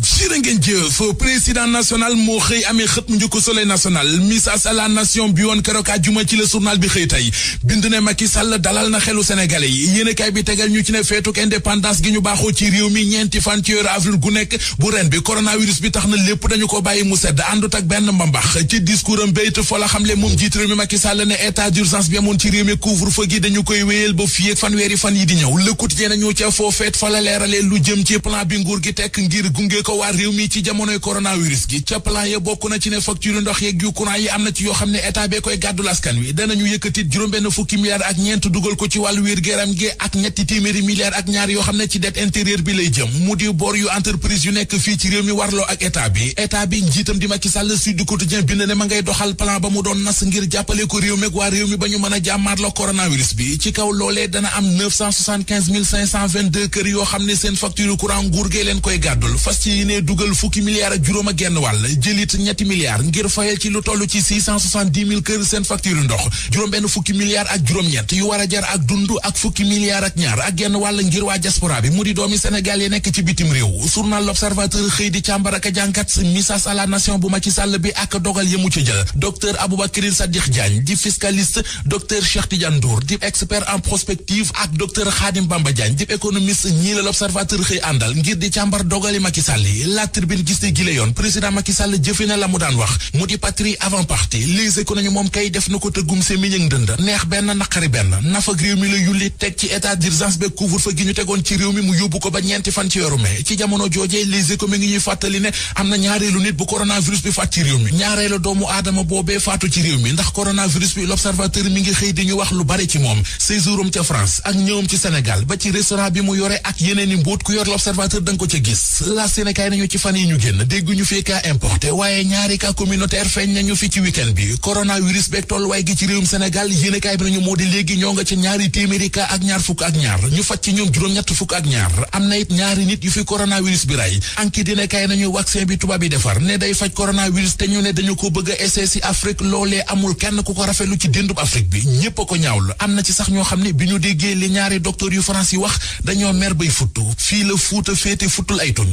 jërë ngeen jëf président national moo xëy amee xët mu njëkk soleil national message à la nation bi woon keroog àjjuma ci la journal bi xëy tey bind ne Macky Sall dalal na xelu sénégalais yi yéenekaay bi tegal ñu ci ne feetuk indépendance gi ñu baaxoo ci réew mi ñeenti fan ci weeru avril gu nekk bu ren bi coronavirus bi tax na lépp dañu ko bàyyi mu sedd àndut ak benn mbambax ci discours am béyt fa la xamle moom jiit réew mi Macky Sall ne état d'urgence fan yi di ñëw lëkkut ñee nañu ca foo lu jëm ci plan bi nguur gi tekk ngir gunge yëgle ko waa réew mi ci jamonoy coronavirus gi ca plan ya bokk na ci ne facture ndox yeeg yu courant yi am na ci yoo xam ne état bee koy gàddul askan wi danañu yëkkati juróom-benn fukki milliards ak ñeent dugal ko ci wàllu wér géram gi ak ñetti téeméeri milliards ak ñaar yoo xam ne ci dette intérieure bi lay jëm mu di bor yu entreprise yu nekk fii ci réew mi warloo ak état bi état bi njiitam di Macky Sall Sud Quotidien bind ne ma ngay doxal plan a jàmmaarloo coronavirus bi ci kaw loolee am 975 522 kër yoo xam ne seen facture courant nguur gee leen ci yéene dugal fukki milliards ak juróom ak genn wàll jëlit ñetti milliards ngir fayal ci lu toll ci six cent soixante dix mille kër seen facture ndox juróom benn fukki milliards ak juróom-ñett yu war a jar ak dund ak fukki milliards ak ñaar ak genn wàll ngir waa diaspora bi mu di doomi Sénégal yi nekk ci bitim réew journal L'Observateur xëy di càmbar ak jànkat message à la nation bu Macky Sall bi ak dogal yi mu ci jël docteur Aboubacrine Sadikh Diagne di fiscaliste docteur Cheikh Tidiane Ndour di expert en prospective ak docteur Khadim Bamba Diagne di économiste ñii la L'Observateur xëy àndal ngir di càmbar dogali Macky Sall Sall yi la tribune gis ne gile yoon président Macky Sall jëfe na la mu daan wax mu di patrie avant parti les économies moom kay def na ko tëggum se miñëng dënd neex benn naqari benn nafak réew mi la yulli teg ci état d'urgence be couvre-feu gi ñu tegoon ci réew mi mu yóbbu ko ba ñeenti fan ci yoru mai ci jamono joojee les économies ngi ñuy fàttali ne am na ñaareelu nit bu coronavirus bi faat ci réew mi ñaareelu doomu aadama boobee faatu ci réew mi ndax bi l'observateur mi ngi xëy di ñu wax lu bare ci moom séjouram ca da nga ko ca yéenekaay nañu ci fan yi ñu génn dégg ñu fi cas importé waaye ñaari cas communautaire feeñ nañu fi ci week-end bi ne day faj coronavirus te ñu ne dañu ko bëgg a essayé si Afrique loolee amul kenn ku ko rafetlu ci déndub Afrique bi ñépp a ko ñaawlu am na ci sax ñoo xam ne bi ñu déggee li ñaari docteur yu France yi wax dañoo mer bay futtu fii la fuuta féete futtul ay tuñ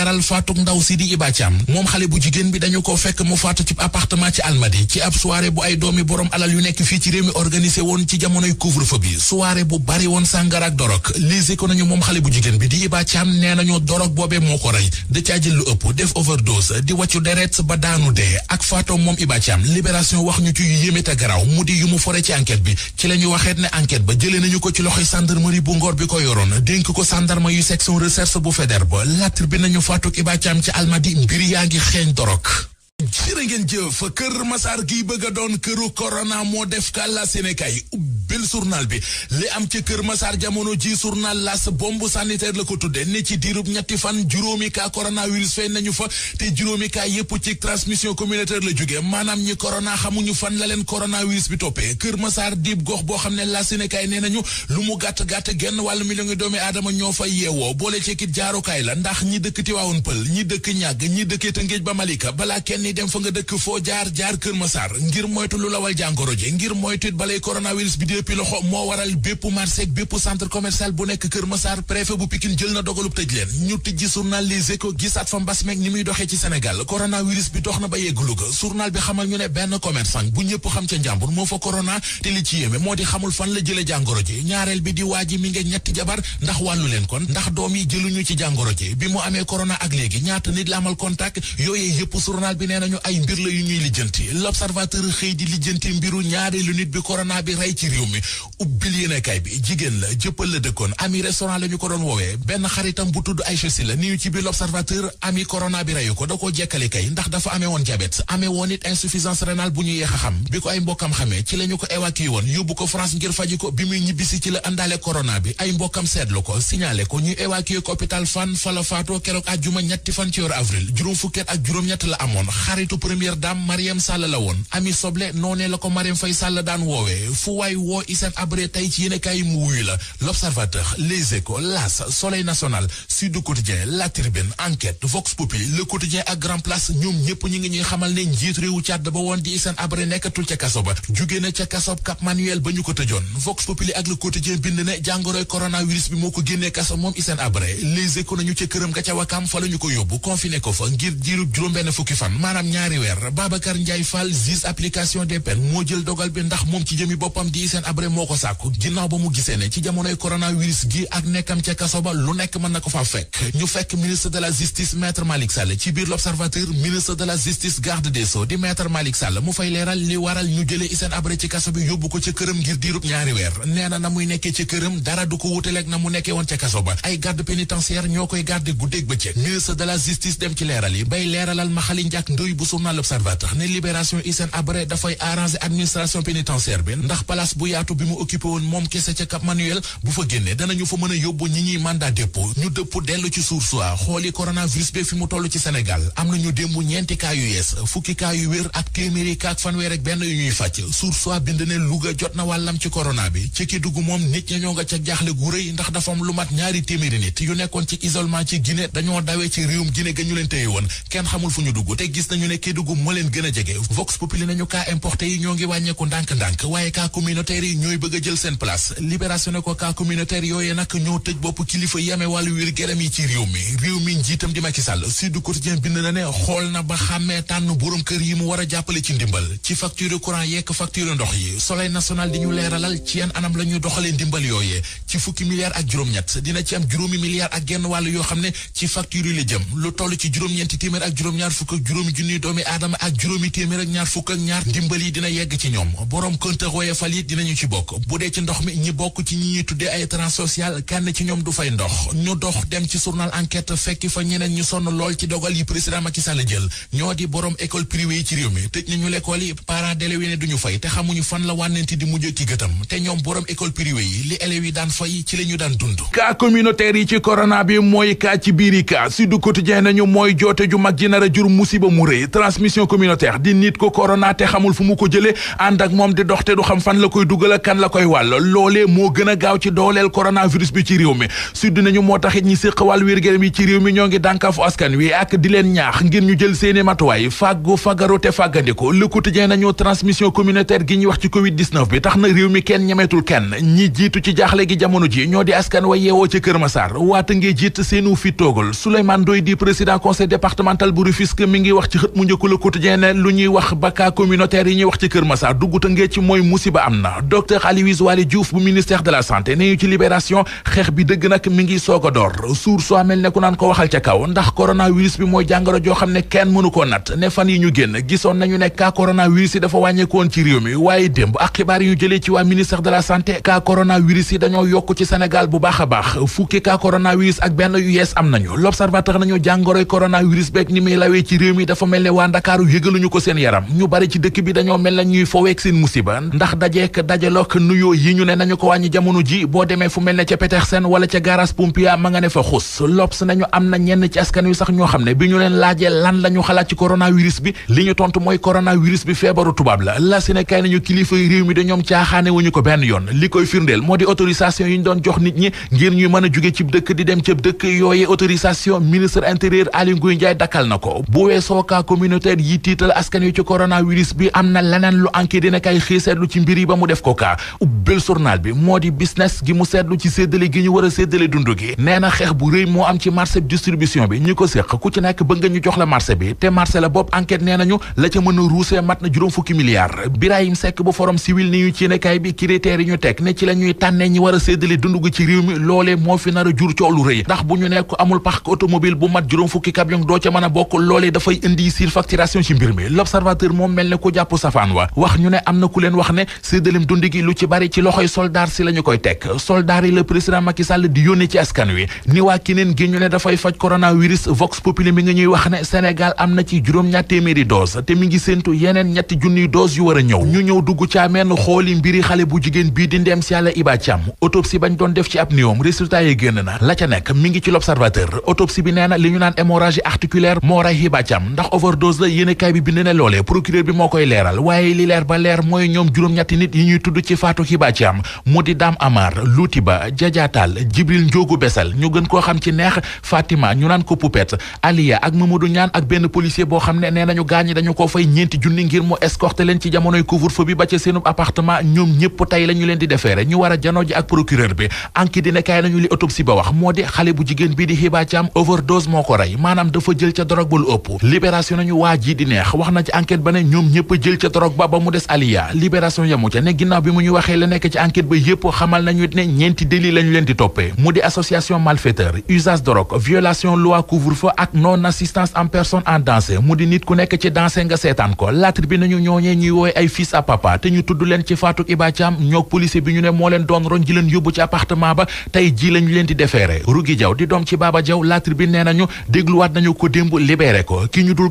leeral faatuk ndaw si di Iba Thiam moom bi dañu ko ak dorog moom xale bu jigéen da caa jël lu ëpp def overdose wax ñu ci yu garaaw mu di yu mu fore ci enquête bi ci la waxeet ne enquête ba jëlee nañu ko ci loxoy gendarmerie bu ngor bi ko yoroon dénk ko gendarme yu section recherche bu Faidherbe Fatou Iba Thiam ci Almadi mbir yaa ngi xeeñ dorog jërë ngeen jëf kër Masaar gi bëgg a doon këru korona moo def ka la Sénégal bil journal bi li am ci kër Masaar jamono ji journal las bombe sanitaire la ko tudde ne ci diirub ñetti fan juróomi cas coronavirus fay nañu fa te juróomi cas yépp ci transmission communautaire la jóge maanaam ñi corona xamuñu fan la leen coronavirus bi toppee kër Masaar diib gox boo xam ne la Sénégal nee nañu lu mu gàtt-gàtt genn wàllu million ngi doomi aadama ñoo fa yeewoo boole ci kit jaarukaay la ndax ñi dëkk Tivaouane Peulh ñi dëkk ñàgg ñi dëkkee Tëngéej ba Malika balaa kenn ñi dem fa nga dëkk foo jaar jaar Kër Massar ngir moytu lu lawal jàngoro ji ngir moytu it balay coronavirus bi déppi loxo moo waral bépp marché bépp centre commercial bu nekk Kër Massar préfet bu Pikine jël na dogalub tëj leen ñu tijji journal Les Échos gisaat fa mbas meeg ni muy doxee ci Sénégal coronavirus bi dox na ba yeggulu ga journal bi xamal ñu ne benn commerçant bu ñëpp xam ca njàmbur moo fa corona te li ci yéeme moo di xamul fan la jële jàngoro ji ñaareel bi di waa ji mi ndax wàllu leen kon ndax doom yi jëluñu ci ji bi mu amee corona ak léegi ñaata nit la amal contact yooyee yëpp journal nañu ay mbir la yu ñuy lijjanti l'observateur xëy di lijjanti mbiru lu nit bi corona bi rey ci réew mi ubbil yéenekaay bi jigéen la jëppal la dëkkoon ami restaurant la ñu ko doon woowee benn xaritam bu tudd Aïcha la ni ñu ci biir l'observateur ami corona bi reyu ko da koo jekkale kay ndax dafa amee woon diabète amee woon it insuffisance rénale bu ñu yeex a xam bi ko ay mbokkam xamee ci la ñu ko évacué woon yóbbu ko France ngir faji ko bi muy ñibbisi ci la àndaale corona bi ay mbokkam seetlu ko signalé ko ñu évacué ko hôpital Fann fa la faatoo ñetti fan ci yor avril ak juróom la amoon xaritu première dame Mariam Sall la woon ami soble noonee la ko Mariam Faye Sall daan woowee fu waay woo Hissène Habré tey ci yéenekaay yi mu wuyu la l'Observateur Les Échos L'As Soleil National Sud Quotidien La Tribune Enquête Vox Populi Le Quotidien ak Grand Place ñoom ñëpp ñu ngi ñuy xamal ne njiit réewu Tchad ba woon di Hissène Habré nekkatul ca kaso ba jugee ca kaso Cap Manuel ba ñu ko tëjoon Vox Populi ak Le Quotidien bind ne jàngoroy coronavirus bi moo ko génnee kaso moom maanaam ñaari weer Babacar Ndiaye Fall juge application des peines moo jël dogal bi ndax moom ci jëmi boppam di seen abré moo ko sàkku ginnaaw ba mu gisee ne ci jamonoy coronavirus gi ak nekkam ca kaso ba lu nekk mën na ko fa fekk ñu fekk de la justice maître Malick Sall ci biir l'observateur de la justice garde des sceaux di maître Malick Sall mu fay leeral li waral ñu jëlee Hissène Habré ci kaso bi yóbbu ko ca këram ngir diirub ñaari weer nee na muy nekkee ca këram dara du ko Ndoye bu journal L'Observateur ne libération Hissène Habré dafay arranger administration pénitentiaire bi ndax place bu yaatu bi mu occupé woon moom kese ca Cap Manuel bu fa génnee danañu fa mën a yóbbu ñi ñuy mandat dépôt ñu dëpp dellu ci suur soi xooli coronavirus bi fi mu toll ci Sénégal am nañu démb ñeenti cas yu yees fukki cas yu wér ak téeméeri cas ak fanweer ak benn yu ñuy fàcc suur soi bind ne Louga jot na wàllam ci corona bi ci ki dugg moom nit ña ñoo nga ca jaaxle gu rëy ndax dafa am lu mat ñaari téeméeri nit yu nekkoon ci isolement ci Guinée dañoo dawee ci réewum Guinée ga ñu leen téye woon kenn nañu ne Kédougou moo leen gën a jege Vox Populi nañu cas importé yi ñoo ngi wàññeeku ndànk-ndànk waaye cas communautaire yi ñooy bëgg a jël seen place libération ne ko cas communautaire yooye nag ñoo tëj bopp kilifa yi amee wàllu wér gërëm yi ci réew mi réew mi njiitam di Macky Sall Sud Quotidien bind na ne xool na ba xàmmee tànn borom kër yi mu war a jàppale ci ndimbal ci facture courant yeek facture ndox yi Soleil national di ñu leeralal ci yan anam la ñuy doxalee ndimbal yooye ci fukki milliards ak juróom-ñett dina ci am juróomi milliards ak genn wàll yoo xam ne ci facture yi junniy doomi aadama ak juróomi téeméer ak ñaar fukk ak ñaar dimbal yi dina yegg ci ñoom borom compteur Woyofal yi dinañu ci bokk bu dee ci ndox mi ñu dox dem ci journal enquête fekki fa ñeneen ñu sonn lool ci dogal yi président Macky Sall jël ñoo di borom école privée yi ci réew mi tëj nañu l'école yi parents d'élèves yi ne duñu fay te xamuñu fan la wànnenti di mujj ki gëtam te ñoom borom école privée yi li élèves yi daan fay ci la daan dund cas communautaire a jur rëy transmission communautaire di nit ko corona te xamul fu mu ko jëlee ànd ak moom di dox te du xam fan la koy dugal ak kan la koy wàll loolee moo gën a gaaw ci dooleel coronavirus bi ci réew mi sud nañu moo taxit ñi séq wàll wér yi ci réew mi ñoo ngi dànkaafu askan wi ak di leen ñaax ngir ñu jël seeni matuwaay fàggu fagaru te fàggandiko Le Quotidien nañu transmission communautaire gi ñuy wax ci covid 19 bi tax na réew mi kenn ñemeetul kenn ñi jiitu xët mu njëkk Le Quotidien ne lu ñuy wax ba cas communautaire yi ñuy wax ci Kër Massar dugg Tëngéej ci mooy musiba am na docteur Aloyse Waly Diouf bu ministère de la santé ne ñu ci libération xeex bi dëgg nag mi ngi soog a door suur soo amel ne ku naan ko waxal ca kaw ndax coronavirus bi mooy jàngoro joo xam ne kenn mënu koo nat ne fan yi ñu génn gisoon nañu ne cas coronavirus yi dafa wàññeekoon ci réew mi waaye démb ak xibaar yi ñu jëlee ci waa ministère mel ne waa ndakaaru yëgaluñu ko seen yaram ñu bari ci dëkk bi dañoo mel na ñuy foweek seen musiba ndax dajeek dajalook nuyoo yi ñu ne nañu ko wàññi jamono ji boo demee fu mel ne ca Petersen wala ca garage Pompier ma nga ne fa xus lobs nañu am na ñenn ci askan wi sax ñoo xam ne bi ñu leen laajee lan lañu ñu xalaat ci coronavirus bi li ñu tontu mooy coronavirus bi feebaru tubaab la la si ne kay nañu kilifa réew mi da ñoom caaxaane wuñu ko benn yoon li koy firndeel moo di autorisation yi ñu doon jox nit ñi ngir ñuy mën a jóge cib dëkk di dem cib dëkk yooyee autorisation ministre intérieur Aly Ngouille Ndiaye dakkal na ko médicament communautaire yi tiital askan wi ci coronavirus bi am na leneen lu enquête dina kay xëy seetlu ci mbir yi ba mu def ko ka ubbel journal bi moo di business gi mu seetlu ci séddale gi ñu war a séddale dund gi nee na xeex bu rëy moo am ci bi ko séq ku ci nekk bëgg nga ñu jox la marché bi te marché la bopp enquête nee nañu la ca mën a ruusee mat na juróom fukki milliards Birahim Seck bu forom civil ni ñu ci nekkaay bi critères yi ñu teg ne ci la ñuy tànnee ñi war a séddale dund gi ci réew mi loolee moo fi nar a jur coow lu rëy ndax bu ñu nekk amul parc automobile bu mat fukki camion doo ca a bokk loolee dafay indi di surfacturation ci mbir mi l'observateur moom mel ne ku jàpp safaan wa wax ñu ne am na ku leen wax ne séddalim dund gi lu ci bari ci loxoy soldaar si la ñu koy teg soldaar yi le président Macky Sall di yónnee ci askan wi ni waa kineen gi ñu ne dafay faj coronavirus vox populi mi ngi ñuy wax ne Sénégal am na ci juróom-ñatt téeméeri dose te mi ngi séentu yeneen ñetti junniy dose yu war a ñëw ñu ñëw dugg caameen xooli mbiri xale bu jigéen bii di ndeem si yàlla Iba Thiam autopsie bañ doon def ci ab néewam na la ca nekk mi ngi ci l'observateur autopsie bi nee na li ñu naan hémorragie articulaire moo rey overdose la yéene kaay bi bind ne loole procureur bi moo koy leeral waaye li leer ba leer mooy ñoom juróom-ñetti nit yi ñuy tudd ci faatu Hiba Thiam mu di Dame Amar Louty Ba Jaja Tall Jibril Njoogu Besal ñu gën koo xam ci neex Fatima ñu naan ko Poupette Aliya ak Mamadou Ñaan ak benn policier boo xam ne nee nañu gaañi dañu ko fay ñeenti junni ngir mu escorté leen ci jamonoy couvre-feu bi ba ci seenu appartement ñoom ñëpp tey la ñu leen di defeere ñu war a janoo ji ak procureur bi anki dina kaay nañu li autopsie wax moo di xale bu jigéen bii di Hiba Thiam overdose moo ko rey maanaam dafa jël ca drogue bu lu ëpp libération nañu waa ji di neex wax na ci enquête ba ne ñoom ñëpp a jël ca drogue ba ba mu des aliya libération yamu ca ne ginnaaw bi mu ñu waxee la nekk ci enquête ba yëpp xamal nañu ne ñeenti délit lañu leen di toppee mu di association malfaiteur usage drogue violation loi couvre-feu ak non assistance en personne en danger mu di nit ku nekk ci danger nga seetaan ko laatar bi nañu ñooñee ñuy woowe ay fils à papa te ñu tudd leen ci faatu Iba ñoog policier bi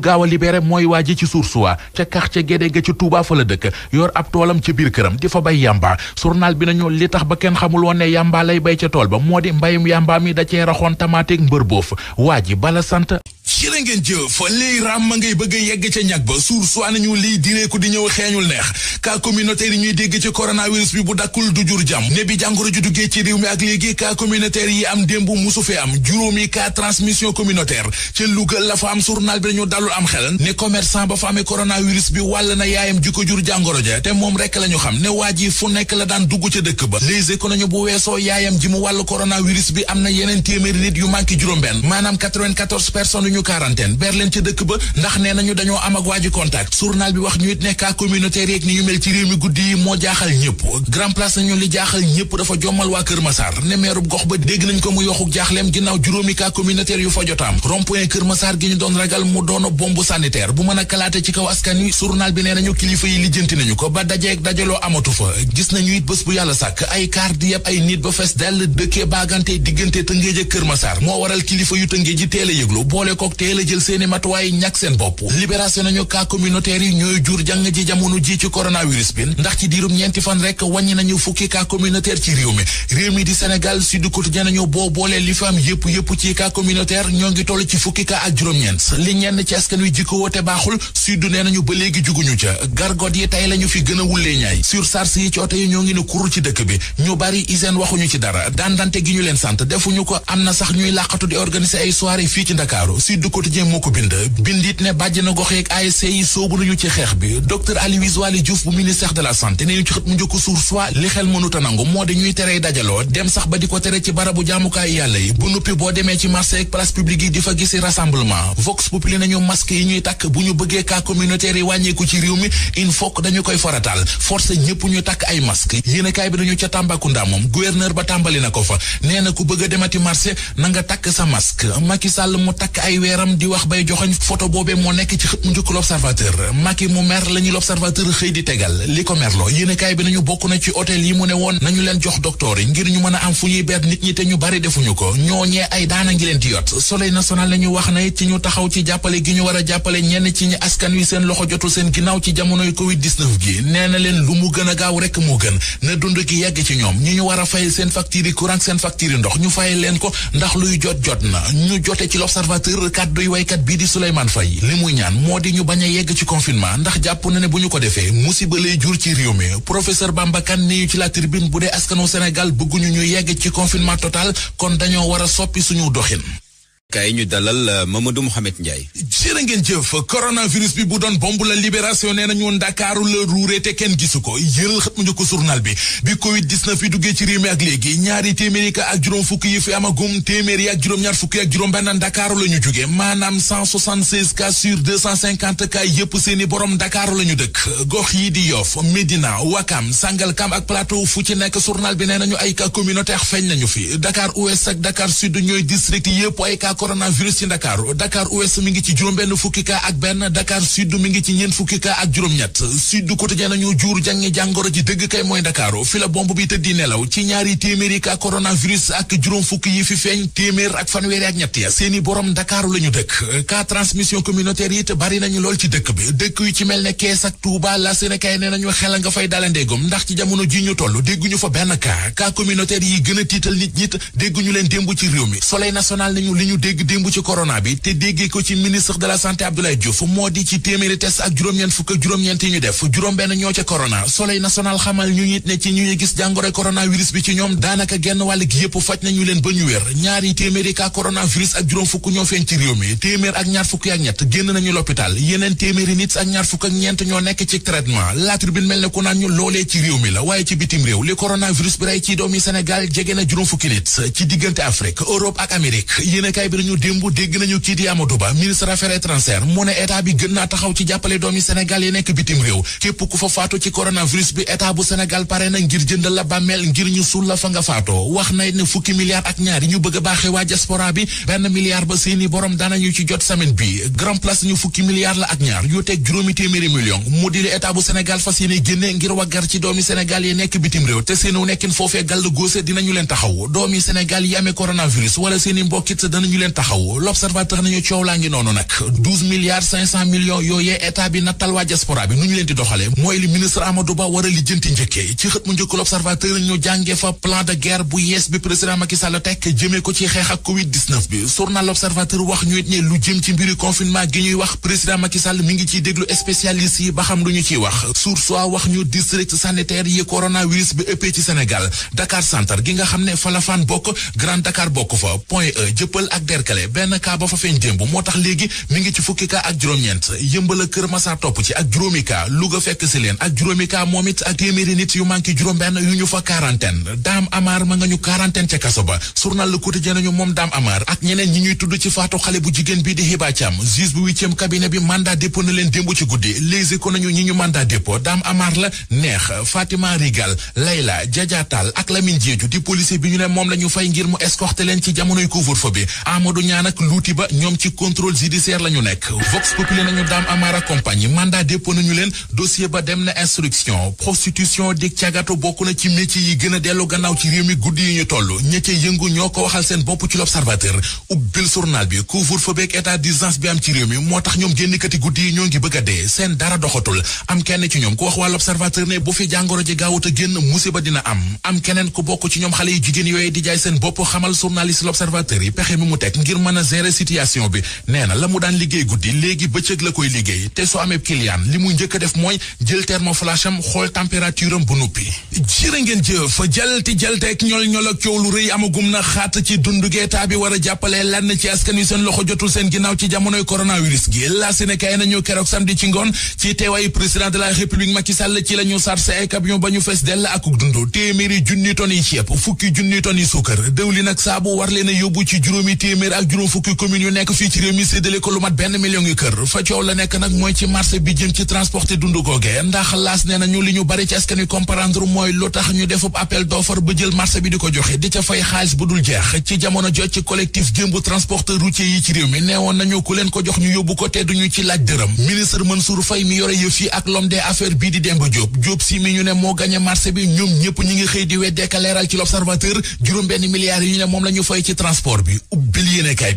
dul gaaw a libéré mooy waa ji ci sursuwa ca quartier Gédé ga ci Touba fa la dëkk yor ab toolam ca biir këram di fa bay yamba journal bi nañu li tax ba kenn xamul ne yamba lay bay ca tool ba moo di mbayum yamba mi da cee raxoon tamaateeg mbër boof waa ji bala sant jërë ngeen jëf lii ràmm ngay bëgg a yegg ca ñag ba suur soi nañu lii direeku di ñëw xeeñul neex cas communautaire yi ñuy dégg ci ne bi jàngoro ju duggee ci réew mi ak léegi cas communautaire yi am démb musu fee am juróomi cas transmission communautaire ca Louga la fa am journal bi dañu dalul am xel ne commerçant ba fa amee coronavirus bi wàll na yaayam ju ko jur jàngoro ja te moom rek la ñu xam ne waa ji fu nekk la daan dugg ca dëkk ba les économies bu weesoo yaayam ji quarantaine ber leen ca dëkk ba ndax nee nañu dañoo am ak waa ji contact journal bi wax ñu it ne cas communautaire yeeg mel ci réew mi guddi yi moo jaaxal ñëpp grand place nañu li jaaxal ñëpp dafa jommal waa Kër Massar ne gox ba dégg nañ ko mu yoxuk jaaxleem ginnaaw juróomi cas communautaire yu fa jotaam rond Kër Massar gi ñu doon ragal mu doono bombe sanitaire bu mën a kalaate ci kaw askan bi nee nañu kilifa yi lijjanti nañu ko ba dajeeg dajaloo amatu a yëglu boole teel a jël seeni matuwaay ñàkk seen bopp libération nañu cas communautaire yi ñooy jur jàng ji jamono ji ci coronavirus bi ndax ci diirum ñeenti fan rek wàññi nañu fukki cas communautaire ci réew mi réew mi di Sénégal Sud Quotidien nañu boo boolee li fa am yëpp yëpp ci cas communautaire ñoo ngi toll ci fukki cas ak juróom-ñeent li ñenn ci askan wi jikko woote baaxul Sud nee nañu ba léegi juguñu ca gargot yi tey lañu fi gën a wullee ñaay sur sars yi ci oto yi ñoo ngi ne kurul ci dëkk bi ñu bari hygiène waxuñu ci dara dandante gi ñu leen sant defuñu ko am na sax ñuy làqatu di organiser ay soirée fii ci Ndakaaru quotidien moo ko bind bindit ne bàjj na gox yeeg yi soobu nañu ci xeex bi docteur Aloyse Waly Diouf bu ministère de la santé ne ñu ci mu njëkk suur soit li xel mënut nangu moo di ñuy terey dajaloo dem sax ba di ko tere ci barabu jaamukaay yàlla yi bu nuppi boo demee ci marché ak place publique yi di fa gisi rassemblement vox populi nañu masque yi ñuy takk bu ñu bëggee cas communautaire yi wàññeeku ci réew mi il faut que dañu koy faratal forcé ñëpp ñu takk ay masque yéenekaay bi nañu ca Tambacounda moom gouverneur ba tàmbali na ko fa nee na ku a demati marché takk sa masque Macky Sall mu takk ay weer yaram di wax bay joxoñ photo boobee moo nekk ci mu njëkk l'observateur Macky mu mer la l'observateur xëy di tegal li ko merlo yéenekaay bi nañu bokk na ci hôtel yi mu ne woon nañu leen jox docteur yi ngir ñu mën a jàppale a ñenn ci askan wi seen loxo jotul seen ginnaaw ci jamonoy covid gi nee leen lu mu gën a gaaw rek moo gën na dund gi yegg ci ñoom ñi ñu war a fay seen facture yi seen facture ndox ñu fay leen ko ndax luy jot jot na ñu jote ci l'observateur kàdduy waykat bii di Souleymane Faye li muy ñaan moo di ñu bañ a yegg ci confinement ndax jàpp na ne bu ñu ko defee musiba lay jur ci réew mi professeur Bamba Kane ni ci la tribune bu dee askanu Sénégal bëgguñu ñu yegg ci confinement total kon dañoo war a soppi suñu doxin kay ñu dalal euh, Mamadou Mouhamed Ndiaye. jërë ngeen jëf coronavirus bi bu doon bomb la libération nee nañu ndakaaru la ruuree te kenn gisu ko yëral xat mu njëkk bi bi Covid 19 duggee ci réew ak léegi ñaari téeméeri ka ak juróom fukki yi fi amagum téeméeri ak juróom benn ndakaaru la ñu maanaam cas sur cas yëpp seeni borom ndakaaru la dëkk gox yi di Yoff Médina Wakam Sangalkam ak Plateau fu ci nekk journal bi nee nañu ay cas communautaire coronavirus ci Dakar Dakar Ouest mi ngi ci juróom-benn fukki kaa ak benn Dakar Sud mi ngi ci ñeent fukki kaa ak juróom-ñett Sud Quotidien nañu jur jàngi jàngoro ji dëgg kay mooy Dakar fi la bomb kaa coronavirus ak juróom fukki yi fi feeñ téeméer ak fanweeri ak ñett ya seeni borom ndakaaru la ñu dëkk kaa transmission communautaire yi te bari nañu lool ci dëkk bi dëkk yu ci mel ne Kees ak Touba la Sénégal nee nañu xel nga fay dalandeegum ndax ci jamono ji ñu toll dégguñu fa benn kaa kaa communautaire yi gën a tiital nit ñi dégguñu leen démb ci réew mi dégg démb ci corona bi te déggee ci ministre de la santé Abdoulaye Diouf moo di ci téeméeri test ak juróom-ñeent yi ñu def juróom-benn ñoo ca corona soleil national xamal ñu nit ñu ñu gis jàngoro coronavirus bi ci ñoom daanaka genn wàll gi yëpp faj nañu leen ba ñu wér ñaari téeméeri ka coronavirus ak juróom fukk ñoo feeñ ci réew mi téeméer ak ñaar fukk ak ñett génn nañu l'hôpital yeneen téeméeri nit ak ñaar fukk ak ñeent ñoo nekk ci traitement la ñu démb dégg nañu kii di Ba ministre affaires étrangères mu ne état bi gën naa taxaw ci jàppale doomi yi nekk na ngir jëndal la ñu suul la fa nga faatoo wax na ne fukki milliards ak ñaar yi a baaxee waa diaspora bi benn milliard ba seeni borom daanañu ci jot semaine bi grand place ñu fukki milliards la ak ñaar nekk bitim réew te seenu nekkin foofee gàll góose dinañu leen taxaw doomi Sénégal yi amee coronavirus wala seeni mbokkit danañu leen leen taxaw l'observateur nañu coow laa ngi noonu nag douze milliards cinq état bi nattal waa diaspora bi nu ñu leen di doxale mooy li ministre Amadou Ba war a lijjanti njëkkee ci xët mu njëkk l'observateur ñu jàngee fa plan de guerre bu yees bi président Macky Sall tekk ko ci xeex ak covid 19 bi journal l'observateur wax ñu it ne lu jëm ci mbiri confinement gi ñuy wax président Macky mi ngi ciy déglu spécialiste yi ba xam lu ñu ciy wax source wax derkale benn cas ba fa feeñ démb moo tax léegi mi ngi ci fukki cas ak juróom-ñeent yëmbal ak Kër Masaar topp ci ak juróomi cas Louga fekk si leen ak juróomi cas moom it ak téeméeri nit yu manqué juróom-benn yu ñu fa quarantaine Dame Amar ma nga ñu quarantaine ca kaso ba journal Le Quotidien nañu moom Dame Amar ak ñeneen ñi ñuy tudd ci faatu xale bu jigéen bii di Hiba Thiam juge bu huitième bi mandat dépôt na leen démb ci guddi Les Échos nañu ñi ñu mandat dépôt Dame Amar la neex Fatima Rigal Layla Jaja di policier bi ñu ne moom la ñu fay ngir mu escorter leen ci jamonoy couvre Amadou Niang ak luuti ba ñoom ci contrôle judiciaire la ñu nekk Vox Populi nañu Dame Amara compagnie mandat dépôt nañu leen dossier ba dem na instruction prostitution di càggatu bokk na ci métier yi gën a dellu gannaaw ci réew mi guddi yi ñu toll ña yëngu ñoo ko waxal seen bopp ci l'observateur ubbil journal bi couvre-feu beeg état d'urgence bi am ci réew mi moo tax ñoom génnkati guddi yi ñoo ngi bëgg dee seen dara doxatul am kenn ci ñoom ku wax waa l'observateur enquête ngir mën a gérer situation bi nee la mu daan liggéey guddi léegi bëccëg la koy liggéey te soo amee client li muy njëkk a def mooy jël thermoflash am xool température am bu nuppi jërë ngeen jëf jalti jalteek ñol ñol ak coow lu rëy amagum na xaat ci dundu geetaa bi war a jàppale lenn ci askan wi seen loxo jotul seen ginnaaw ci jamonoy coronavirus gi la Sénégal nañu keroog samedi ci ngoon ci teewaayu président de la république Macky Sall ci la ñu sarse ay camion a téeméer ak juróom fukki communes yu nekk fii ci réew mi séddale ko lu mat benn million yu kër fa coow la nekk nag mooy ci marché bi jëm ci transporté dundu googe ndax laas nee na li ñu bari ci askan wi comprendre mooy lu tax ñu defub appel d'offre ba jël marché bi di ko joxe di ca fay xaalis bu dul jeex ci jamono jot ci collectif jëmbu transporteur routier yi ci réew mi neewoon nañu ku leen ko jox ñu yóbbu ko te duñu ci laaj dërëm ministre Mansour Faye mi yore yëf yi ak l'homme des bii di Demba Diop Diop si mi ñu ñëpp ñi ngi xëy di weddee ka leeral benn milliards yi ñu la ñu fay ci yéenekaay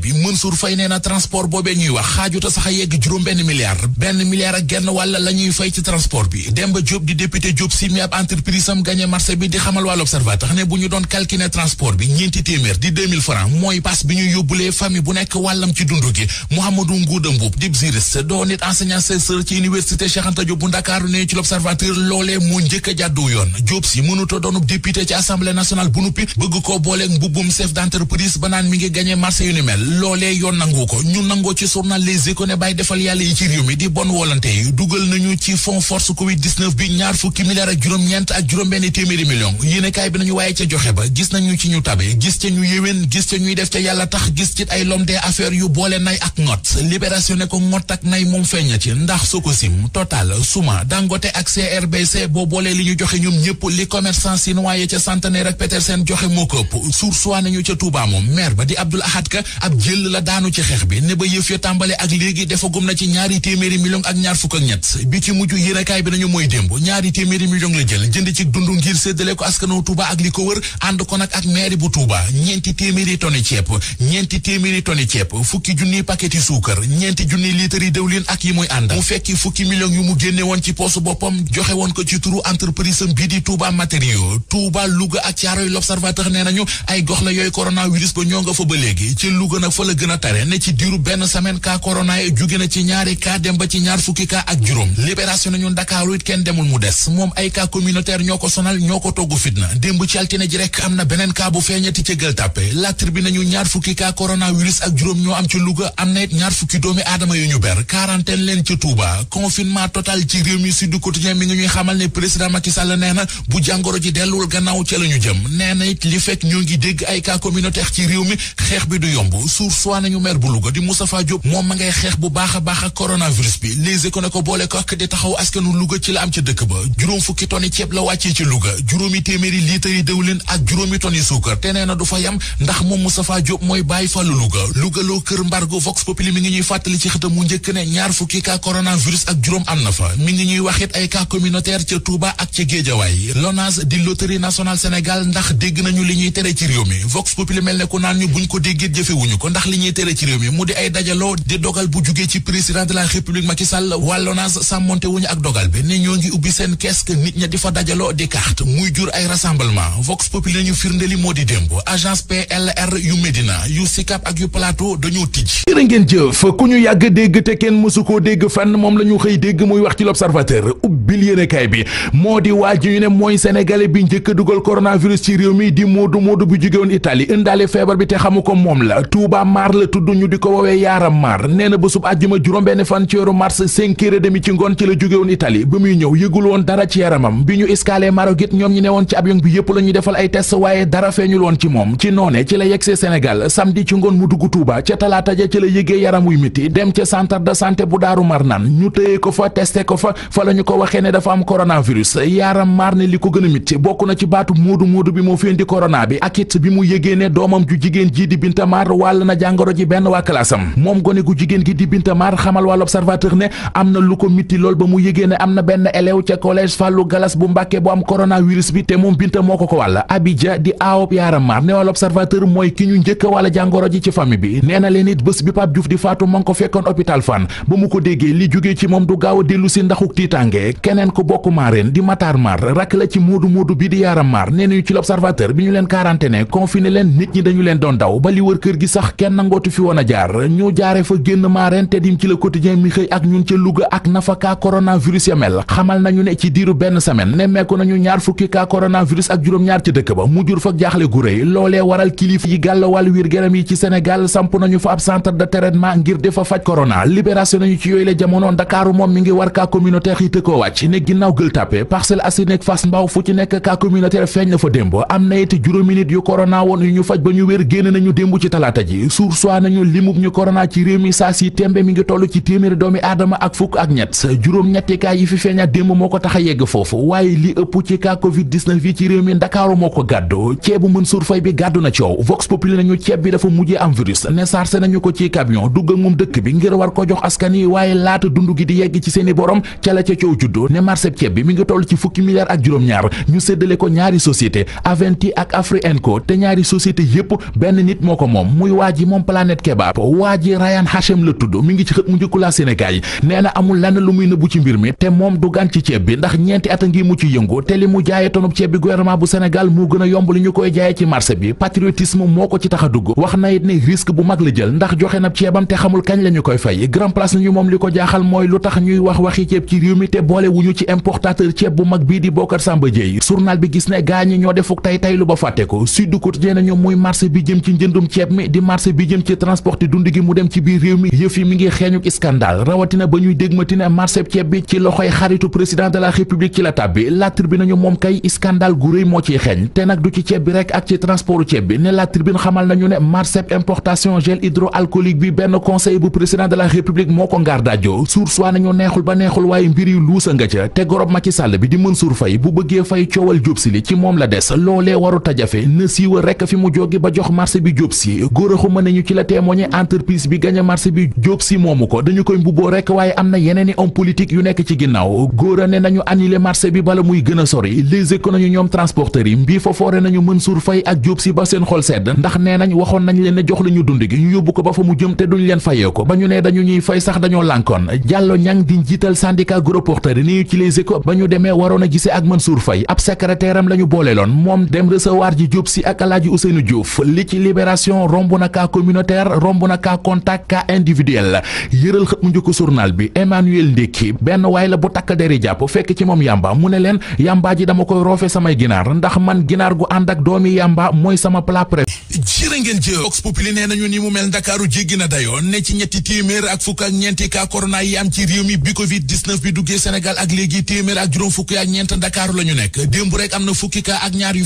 mooy pass bi ñu yóbbulee famille bu nekk wàllam ci dundu gi Mouhamadou Ngouda Mboup dib juriste doo nit enseignant chercheur ci université Cheikh bu Ndakaaru ne ci L'Observateur loolee moo njëkk a yoon Diop si mënuta doonub député ci assemblée nationale bu nuppi bëgg koo booleeg mbubbum chef d'entreprise ba naan mi ngi gagné marché procès yu ni mel loolee yoon nangu ko ñu nangoo ci journal Les Échos ne bàyyi defal yàlla yi ci réew mi di bon wolante yi dugal nañu ci fonds force covid bi ñaar fukki benn téeméeri million yéenekaay bi nañu waaye ca joxe ba gis nañu ci ñu tabe gis ca ñu yéwén gis ca ñuy def ca yàlla tax gis ci ay lom des yu boole nay ak ngot libération ne ko ngot ak nay moom feeñ na ci ndax Socosim Total Suma Dangote ak CRBC boo boolee li ñu joxe ñoom ñëpp li commerçant chinois yi ca Centenaire ak Petersen joxe moo ko que ab jël la daanu ci xeex bi ne ba yëf ya tàmbale ak léegi defagum na ci ñaari téeméeri million ak ñaar fukk ak ñett bi ci mujj yéenekaay bi nañu mooy démb ñaari téeméeri million la jël jënd ci dund ngir séddale ko askanu Touba ak li ko wër ànd ko nag ak maire bu Touba ñeenti téeméeri toni ceeb ñeenti téeméeri toni ceeb fukki junniy paquet yi suukar ñeenti junniy litre yi dëwlin ak yi muy àndal mu fekki fukki million yu mu génne woon ci poosu boppam joxe woon ko ci turu entreprise am bii di Touba matériaux Touba Louga ak Thiaroye l'Observateur nee nañu ay gox la yooyu coronavirus ba ñoo nga fa ba léegi ci Louga nag fa la gën a tare ne ci diiru benn semaine ka corona yi na ci ñaari ka dem ci ñaar fukki ka ak juróom libération nañu ndakaaru it kenn demul mu des moom ay ka communautaire ñoo ko sonal ñoo ko togg fitna démb ci altine ji rek am na beneen ka bu feeñati ca Gueule Tapée la tribune nañu ñaar fukki ka coronavirus ak juróom ñoo am ci Louga am na it ñaar fukki doomi aadama yu ñu ber quarantaine leen ci Touba confinement total ci réew mi Sud Quotidien mi ngi ñuy xamal ne président Macky Sall nee na bu jàngoro ji delluwul gannaaw yomb suuf soi nañu maire bu Louga di Moustapha Diop moom ma ngay xeex bu baax a baax ak coronavirus bi léegi ko ne ko boole ko ak di taxaw askanu Louga ci la am ca dëkk ba juróom fukki tonni ceeb la wàccee ci Louga juróomi téeméeri litre yi dëwlin ak juróomi tonni suukar te nee na du fa yam ndax moom Moustapha Diop mooy bàyyi fa lu Louga loo kër mbargo Vox Populi mi ngi ñuy fàttali ci xëtam mu njëkk ne ñaar fukki cas coronavirus ak juróom am na fa mi ngi ñuy li ñuy tere ci mi jëfewuñu ko ndax li ñuy tere ci réew mi mu di ay dajaloo di dogal bu jugee ci président de la république Macky Sall wàllonaas sàmmonte wuñu ak dogal bi ne ñoo ngi ubbi seen kees que nit ña di fa dajaloo di carte muy jur ay rassemblement Vox Populi ñu firndeli moo di démb agence PLR yu Médina yu Sicap ak yu Plateau dañoo tijj jërë ngeen jëf ku ñu yàgg dégg te kenn mësu koo dégg fànn moom la ñu xëy dégg muy wax ci l'observateur ubbil yéenekaay bi moo di waa ji ñu mooy sénégalais bi njëkk dugal coronavirus ci réew mi di moodu moodu bu jógewoon Italie indaale feebar bi te xamu ko moom moom la Touba maar la tudd ñu di ko woowee yaaram maar nee na bésub àjjuma juróom benn fan ci weeru mars cinq demi ci ngoon ci la jóge woon Italie ba muy ñëw yëgul woon dara ci yaramam bi ñu iskaale Maroc ñoom ñi ne woon ci avion bi yëpp la defal ay test waaye dara feeñul woon ci moom ci noone ci la yegsee Sénégal samedi ci ngoon mu dugg Touba ca talaata ja ci la yëgee yaram wuy miti dem ca centre de bu Daaru Marnaan ñu tëye ko fa testé ko fa a miti bokk na ci baatu moodu moodu bi moo fi indi maar wàll na jàngoro ji benn waa classam moom gone gu jigéen gi di binta maar xamal waa l'observateur ne am na lu ko mitti lool ba mu yëgee ne am na benn élève ca collège Fallou Galas bu Mbàkke bu am coronavirus bi te moom binta moo ko ko wàll Abidja di aawop yaaram maar ne waa l'observateur mooy ki ñu njëkk a wàll jàngoro ji ci famille bi nee na leen it bés bi Pape Diouf di faatu ma ko fekkoon hôpital Fann ba mu ko déggee li jógee ci moom du gaaw a dellu si ndaxuk tiitange keneen ko bokk maareen di la ci moodu moodu bi di yaaram maar nee bi ñu leen quarantaine confiné leen nit ñi dañu leen doon daw kër gi sax kenn nangooti fi woon a jaar ñu jaare fa génn maaren te dim ci le quotidien mi xëy ak ñun ca Louga ak nafa kaa coronavirus ya mel xamal nañu ne ci diiru benn semaine nemmeeku nañu ñaar fukki kaa coronavirus ak juróom-ñaar ci dëkk ba mu fa jaaxle gu rëy loolee waral kilifa yi gàllawàll wir gërëm yi ci Sénégal samp nañu fa ab centre de traitement ngir defa faj corona libération nañu ci yooyu la Ndakaaru moom mi ngi war kaa communautaire yi talaata ji suur soi nañu limub ñu corona ci réew mi saa si tembe mi ngi toll ci téeméeri doomi aadama ak fukk ak ñett juróom-ñetti cas yi fi feeñaat démb moo ko tax a yegg foofu waaye li ëpp ci cas covid 19 yi ci réew mi ndakaaru moo ko gàddu ceebu Mansour Faye bi gàddu na coow vox populi nañu ceeb bi dafa mujjee am virus ne sarse nañu ko ci camion dugg ak moom dëkk bi ngir war ko jox askan yi waaye laata dund gi di yegg ci seeni borom ca la ca coow juddu ne bi mi ngi toll ci fukki milliards ak juróom-ñaar ñu séddale ko ñaari société Aventi ak Afri Enco te ñaari société yépp benn moom muy waa ji moom planète kebab waa ji Ryan Hachem la tudd mi ngi ci xët mu njëkku laa Sénégal yi nee na amul lenn lu muy nëbbu ci mbir mi te moom du ci ceeb bi ndax ñeenti at a ngi mu ci yëngu te mu jaaye tonub ceeb bi gouvernement bu Sénégal moo gën a yomb li ñu koy jaaye ci marché bi patriotisme moo ko ci tax a dugg wax na it ne risque bu mag la jël ndax joxe na ceebam te xamul kañ la ñu koy fay grand place nañu moom li ko jaaxal mooy lu tax ñuy wax waxi ceeb ci réew mi te boole wuñu ci importateur ceeb bu mag bii di Bocar Samba Dièye journal bi gis ne gaañi ñoo defuk tay taylu ba fàtte ko Sud Quotidien nañu muy marché bi jëm ci njëndum ceeb mai di marché bi jëm ci transporté dund gi mu dem ci biir réew mi yëf yi mi ngi xeeñuk scandale rawatina ba ñuy dégmati ne marché ceeb bi ci loxoy xaritu président de la république ci la tàbbi La Tribune nañu moom kay scandale gu rëy moo ciy xeeñ te nag du ci ceeb bi rek ak ci transportu ceeb bi ne La Tribune xamal nañu ne marché importation gel hydroalcoolique bi benn conseil bu président de la république moo ko ngaar daajoo sursoi nañu neexul ba neexul waaye mbir yu luusa nga ca te gorob Macky Sall bi di Mansour Faye bu bëggee fay coowal jóbsi ci moom la des loolee waru tajafe na siiwa rek fi mu jógi ba jox marché bi jóbsi góor axuma ne ñu ci la témoigné entreprise bi gañ a marché bi jóob si moomu ko dañu koy mbubboo rek waaye am na yeneen i homme politique yu nekk ci ginnaaw góor ne nañu annulé marché bi bala muy gën a sori les éco nañu ñoom transporteur yi mbii fa foore mën Mansour fay ak jóob si ba seen xol sedd ndax nee nañu waxoon nañ leen ne jox la ñu dund gi ñu yóbbu ko ba fa mu jëm te duñ leen fayee ko ba ñu ne dañu ñuy fay sax dañoo lànkoon jàllo ñang di jiital syndicat gros porteur yi ni ñu ci les éco ba ñu demee waroon a gisee ak Mansour Faye ab secrétaire am la booleeloon moom dem recevoir ji jóob si ak alaaji Ousseynou Diouf li ci libération commission romb na cas communautaire romb na cas contact cas individuel yëral xët mu njëkk journal bi Emmanuel Ndéki benn waay la bu takk deri jàpp fekk ci moom yamba mu ne leen yamba ji dama koy roofe samay ginaar ndax man ginaar gu ànd ak doomi yamba mooy sama plat préféré jërë ngeen jëf Vox Populi nee nañu ni mu mel ndakaaru jéggi na dayoo ne ci ñetti téeméer ak fukk ak ñeenti cas corona yi am ci réew bi covid 19 bi duggee Sénégal ak léegi téeméer ak juróom fukk la ñu nekk démb rek am na fukki cas ak ñaar yu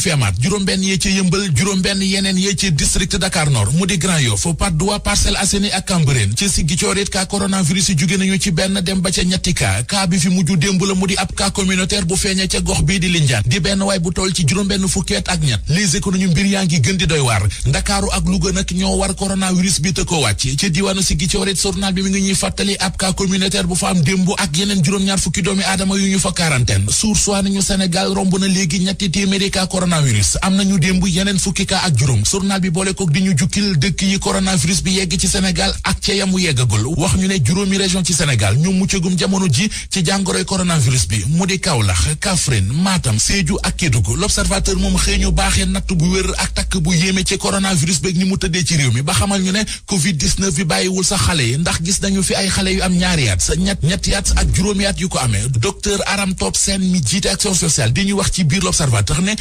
Dakar Nord mu di Grand Yoff Patte d'Oie Parcelles ak Cambérène ci Ziguinchor ka coronavirus yi jóge nañu ci benn dem ba ca ñetti ka ka bi fi mujj démb la mu di ab ka communautaire bu feeñee ca gox bii di Lindiane di benn waay bu toll ci juróom-benn fukkeet ak ñett Les Échos nañu mbir yaa ngi gën di doy waar Ndakaaru ak Louga nag ñoo war coronavirus bi te ko wàcc ci diwaanu Ziguinchor it journal bi mi ngi ñuy fàttali ab ka communautaire bu fa am démb ak yeneen juróom-ñaar fukki na léegi ñetti téeméeri ka jukkil dëkk yi coronavirus bi yegg ci Sénégal ak ca yamu yeggagul wax ñu ne juróomi région ci Sénégal ñoo muccagum jamono ji ci jàngoroy coronavirus bi mu di Kaolack Kaffrine Matam Sédhiou ak Kédougou l'observateur moom xëy ñu baaxee natt bu wér ak takk bu yéeme ci coronavirus beeg ni mu tëddee ci réew mi ba xamal ñu ne Covid 19 bi bàyyiwul sax xale yi ndax gis nañu fi ay xale yu am ñaari at sa ñett ñetti at ak juróom at yu ko amee docteur Aram Top Sen mi jiite action sociale di ñu wax ci biir l'observateur ne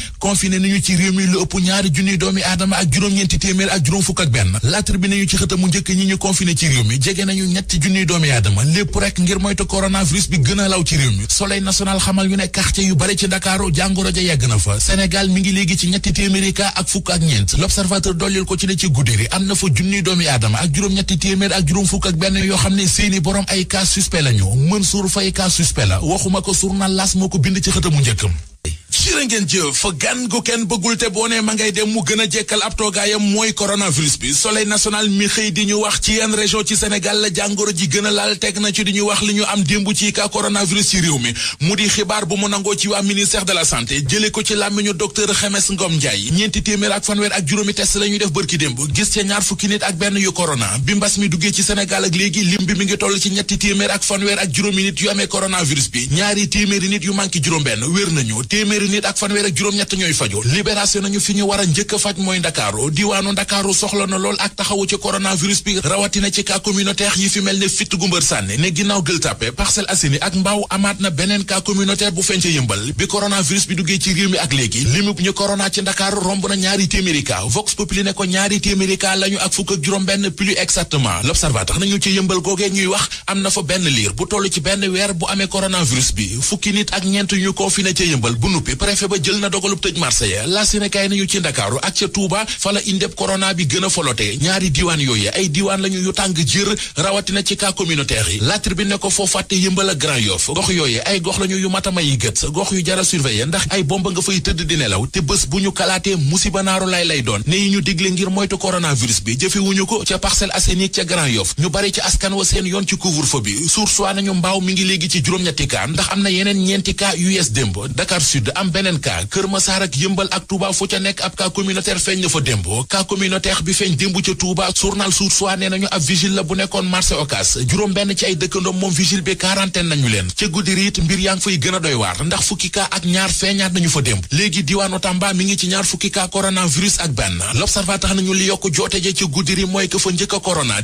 nañu ci réew mi lu ëpp ñaari junniy doomi aadama ak juróom fukk ak benn la tribune ñu ci xëtam mu njëkk ñi ñu confiné ci réew mi jege nañu ñetti junniy doomi aadama lépp rek ngir moytu coronavirus bi gën a law ci réew mi soleil national xamal ñu ne quartier yu bare ci Dakaaru jàngoro ja yegg na fa Sénégal mi ngi léegi ci ñetti téeméeri cas ak fukk ak ñeent l'observateur dollil ko ci ne ci Goudiri am na fa junniy doomi aadama ak juróom ñetti téeméer ak juróom fukk ak benn yoo xam ne seeni borom ay cas suspect lañu Mansour Faye cas suspect la waxuma ko journal L'As moo ko bind ci xëtamu njëkkam jërë ngeen gan gu kenn bëggul te boo nee ma ngay dem mu gën a jekkal ab toogaayam mooy coronavirus bi soleil national mi xëy di ñu wax ci yan région ci Sénégal la jàngoro ji gën a laal teg na ci di ñu wax li ñu am démb ci ka coronavirus ci réew mi mu di xibaar bu mu nangoo ci waa ministère de la santé jële ko ci làmmiñu docteur Xemes Ngom Ndiaye ñeenti téeméer ak fanweer ak juróomi test la ñuy def bërki démb gis ca ñaar fukki nit ak benn yu corona bi mbas mi duggee ci Sénégal ak léegi lim bi mi ngi toll ci ñetti téeméer ak fanweer ak juróomi nit amee coronavirus bi ñaari nit yu manqué juróom benn wér nañu téeméeri nit nit ak fanweer ak juróom-ñett ñooy faju libération nañu fi ñu war njëkk faj mooy ndakaaru diwaanu ndakaaru soxla na lool ak taxawu ci coronavirus bi rawatina ci cas communautaire yi fi mel ne fitt gumbar sànni ne ginnaaw Gueule Tapée Parcelles Assainies ak mbaaw amaat na beneen cas communautaire bu feeñ yëmbal bi coronavirus bi duggee ci réew mi ak léegi limub ñu corona ci ndakaaru romb na ñaari téeméeri Vox Populi ne ko ñaari téeméeri lañu ak fukk ak juróom préfet ba jël na dogalub tëj marché ya la nañu ci ndakaaru ak ca Touba fa indeb corona bi gën a folote ñaari diiwaan yooyu ay diiwaan lañu yu tàng jër rawatina ci cas communautaire yi la tribune ne ko foo yëmbal ak Grand Yoff gox yooyu ay gox lañu yu matama yi gët gox yu jara surveiller ndax ay bomba nga fay tëdd di nelaw te bés bu ñu kalaatee musiba naaru lay lay doon ne yi ñu digle ngir moytu coronavirus bi jëfewuñu ko ca Parcelles Assainies beneen cas Kër Masaar ak Yëmbal ak Touba fu ca nekk ab cas communautaire feeñ na fa démb cas communautaire bi feeñ démb ca Touba journal Source A nee nañu ab vigile la bu nekkoon marché Ocass juróom benn ci ay dëkkandoom moom vigile bi quarantaine nañu leen ca guddi riit mbir yaa ngi fay gën a doy waar ndax fukki cas ak ñaar feeñaat nañu fa démb léegi diwaanu Tamba mi ngi ci ñaar fukki cas coronavirus ak benn l'observateur tax nañu li yokk joote ja ci guddi ri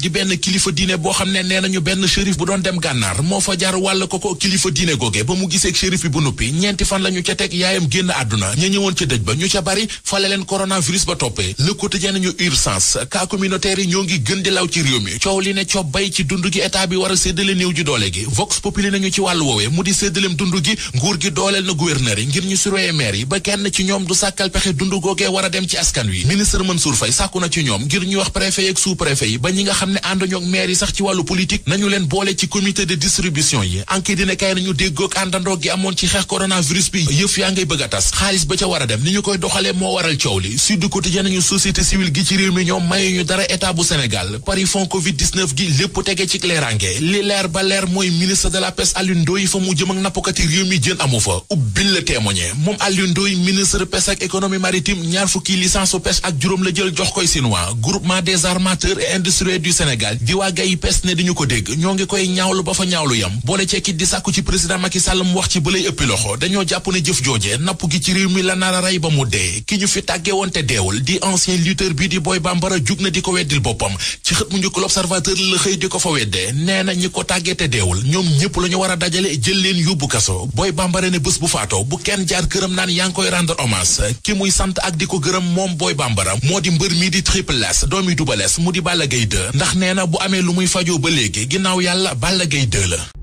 benn kilifa diine boo xam ne nee nañu benn shérif doon dem gànnaar moo fa jaar wàll ko kilifa diine googe ba mu gisee shérif bi bu nuppi ñeenti ca teg yaayam génn àdduna ña ñëwoon ca dëj ba ñu ca bari fale leen coronavirus ba toppee le quotidien ñu urgence cas communautaire yi ñoo ngi gën di law ci réew mi coow li ne coob bay ci dund gi état bi war a néew ji doole gi vox populi nañu ci wàllu woowee mu di séddaleem dund gi nguur gi dooleel na gouverneur yi ngir ñu surveiller maire yi ba kenn ci ñoom du sàkkal pexe dund googee war dem ci askan wi ministre Mansour Faye sàkku na ci ñoom ngir ñu wax préfet day a tas xaalis ba ca war a dem ni ñu koy doxalee moo waral coow li Sud Quotidien nañu société civile gi ci réew mi ñoom mayuñu dara état bu Sénégal pari fond Covid gi lépp tege ci leeraange li leer ba leer mooy ministre de la pêche Alioune fa mu jëm nappkati réew mi jën amu fa ubbil la témoigné moom Alioune ministre pêche ak économie maritime ñaar fukki licence su ak juróom la jël jox koy Sinoa groupement des et industriels du Sénégal boobee napp gi ci réew mi la nar a rey ba mu dee ki ñu fi tàggee woon te deewul di ancien lutteur bi di booy Bambara jug na di ko weddil boppam ci xët mu njëkk l'observateur la xëy di ko fa weddee nee na ñi ko tàggee te deewul ñoom ñëpp la ñu war dajale jël leen yóbbu kaso booy Bambara ne bés bu faatoo bu kenn jaar këram naan yaa ngi koy rendre hommage ki muy sant ak di ko gërëm moom booy Bambara moo di mbër mi di Triple S doomi Double Less mu di Balla gay 2 ndax nee na bu amee lu muy fajoo ba léegi ginnaaw yàlla Balla Gaye 2